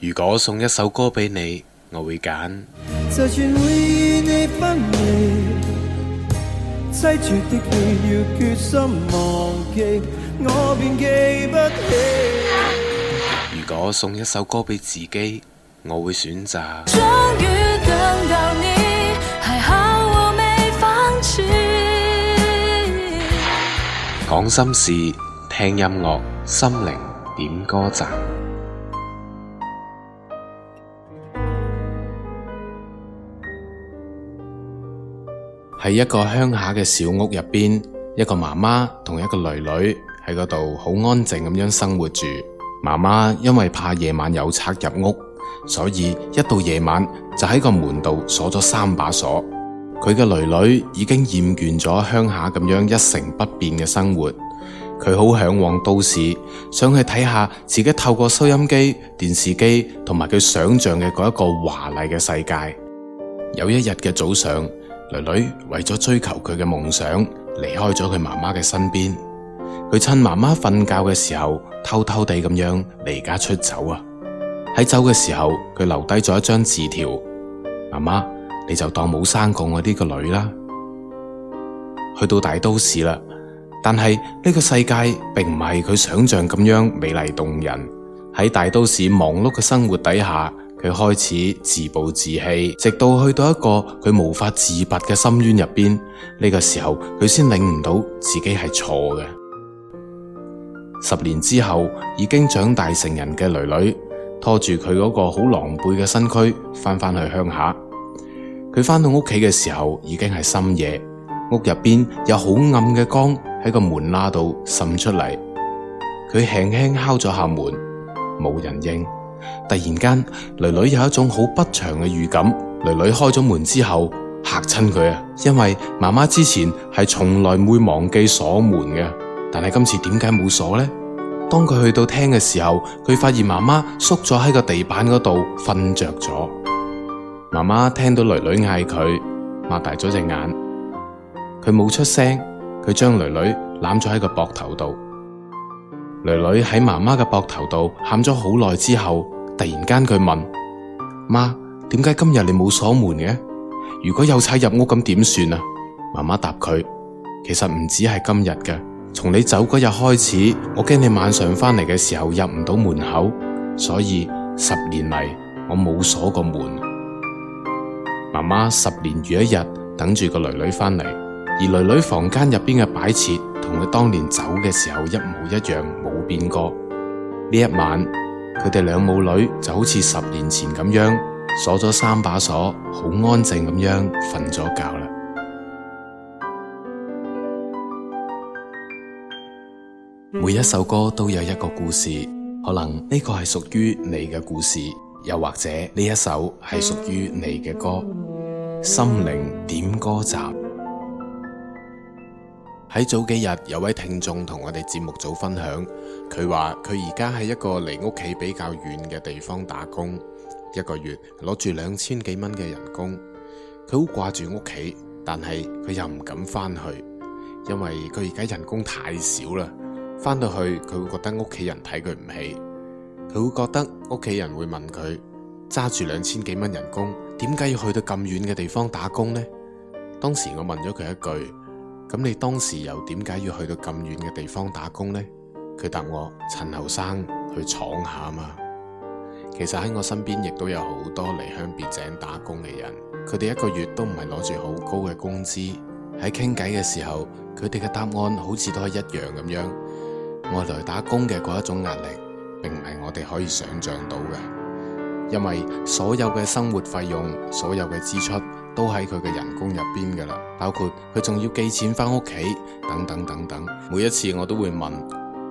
如果送一首歌畀你，我會揀。如果我送一首歌畀自己，我會選擇。終於等到你。講心事，聽音樂，心靈點歌站喺一個鄉下嘅小屋入邊，一個媽媽同一個女女喺嗰度好安靜咁樣生活住。媽媽因為怕夜晚有賊入屋，所以一到夜晚就喺個門度鎖咗三把鎖。佢嘅女女已經厭倦咗鄉下咁樣一成不變嘅生活，佢好向往都市，想去睇下自己透過收音機、電視機同埋佢想象嘅嗰一個華麗嘅世界。有一日嘅早上。女女為咗追求佢嘅夢想，離開咗佢媽媽嘅身邊。佢趁媽媽瞓覺嘅時候，偷偷地咁樣離家出走啊！喺走嘅時候，佢留低咗一張字條：媽媽，你就當冇生過我呢個女啦。去到大都市啦，但係呢個世界並唔係佢想象咁樣美麗動人。喺大都市忙碌嘅生活底下。佢開始自暴自棄，直到去到一個佢無法自拔嘅深淵入邊，呢、這個時候佢先領唔到領悟到自己係錯嘅。十年之後，已經長大成人嘅女女拖住佢嗰個好狼狽嘅身軀，翻返去鄉下。佢翻到屋企嘅時候，已經係深夜，屋入邊有好暗嘅光喺個門罅度滲出嚟。佢輕輕敲咗下門，冇人應。突然間，囡囡有一種好不祥嘅預感。囡囡開咗門之後，嚇親佢啊！因為媽媽之前係從來唔會忘記鎖門嘅，但係今次點解冇鎖呢？當佢去到廳嘅時候，佢發現媽媽縮咗喺個地板嗰度瞓着咗。媽媽聽到囡囡嗌佢，擘大咗隻眼，佢冇出聲，佢將囡囡攬咗喺個膊頭度。女女喺媽媽嘅膊頭度喊咗好耐之後，突然間佢問：媽，點解今日你冇鎖門嘅？如果有賊入屋咁點算啊？媽媽答佢：其實唔止係今日嘅，從你走嗰日開始，我驚你晚上翻嚟嘅時候入唔到門口，所以十年嚟，我冇鎖過門。媽媽十年如一日等住個女女翻嚟，而女女房間入邊嘅擺設。同佢當年走嘅時候一模一樣，冇變過。呢一晚，佢哋兩母女就好似十年前咁樣，鎖咗三把鎖，好安靜咁樣瞓咗覺啦。每一首歌都有一個故事，可能呢個係屬於你嘅故事，又或者呢一首係屬於你嘅歌。心靈點歌集。喺早幾日，有位聽眾同我哋節目組分享，佢話佢而家喺一個離屋企比較遠嘅地方打工，一個月攞住兩千幾蚊嘅人工，佢好掛住屋企，但係佢又唔敢翻去，因為佢而家人工太少啦，翻到去佢會覺得屋企人睇佢唔起，佢會覺得屋企人會問佢揸住兩千幾蚊人工，點解要去到咁遠嘅地方打工呢？當時我問咗佢一句。咁你當時又點解要去到咁遠嘅地方打工呢？佢答我：趁後生去闖下嘛。其實喺我身邊亦都有好多離鄉別井打工嘅人，佢哋一個月都唔係攞住好高嘅工資。喺傾偈嘅時候，佢哋嘅答案好似都係一樣咁樣。外來打工嘅嗰一種壓力，並唔係我哋可以想象到嘅，因為所有嘅生活費用，所有嘅支出。都喺佢嘅人工入邊噶啦，包括佢仲要寄錢翻屋企，等等等等。每一次我都會問：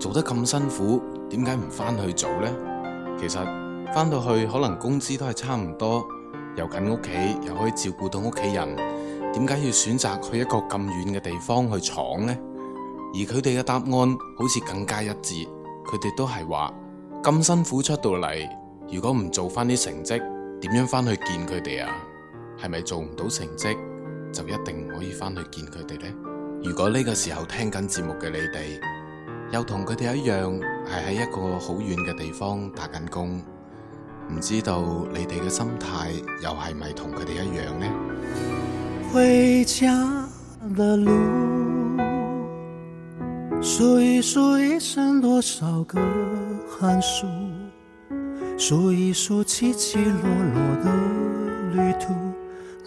做得咁辛苦，點解唔翻去做呢？其實翻到去可能工資都係差唔多，又近屋企，又可以照顧到屋企人，點解要選擇去一個咁遠嘅地方去闖呢？而佢哋嘅答案好似更加一致，佢哋都係話：咁辛苦出到嚟，如果唔做翻啲成績，點樣翻去見佢哋啊？係咪做唔到成績就一定唔可以翻去見佢哋呢？如果呢個時候聽緊節目嘅你哋，又同佢哋一樣係喺一個好遠嘅地方打緊工，唔知道你哋嘅心態又係咪同佢哋一樣呢？回家的路，數一數一生多少個寒暑，數一數起起落落都。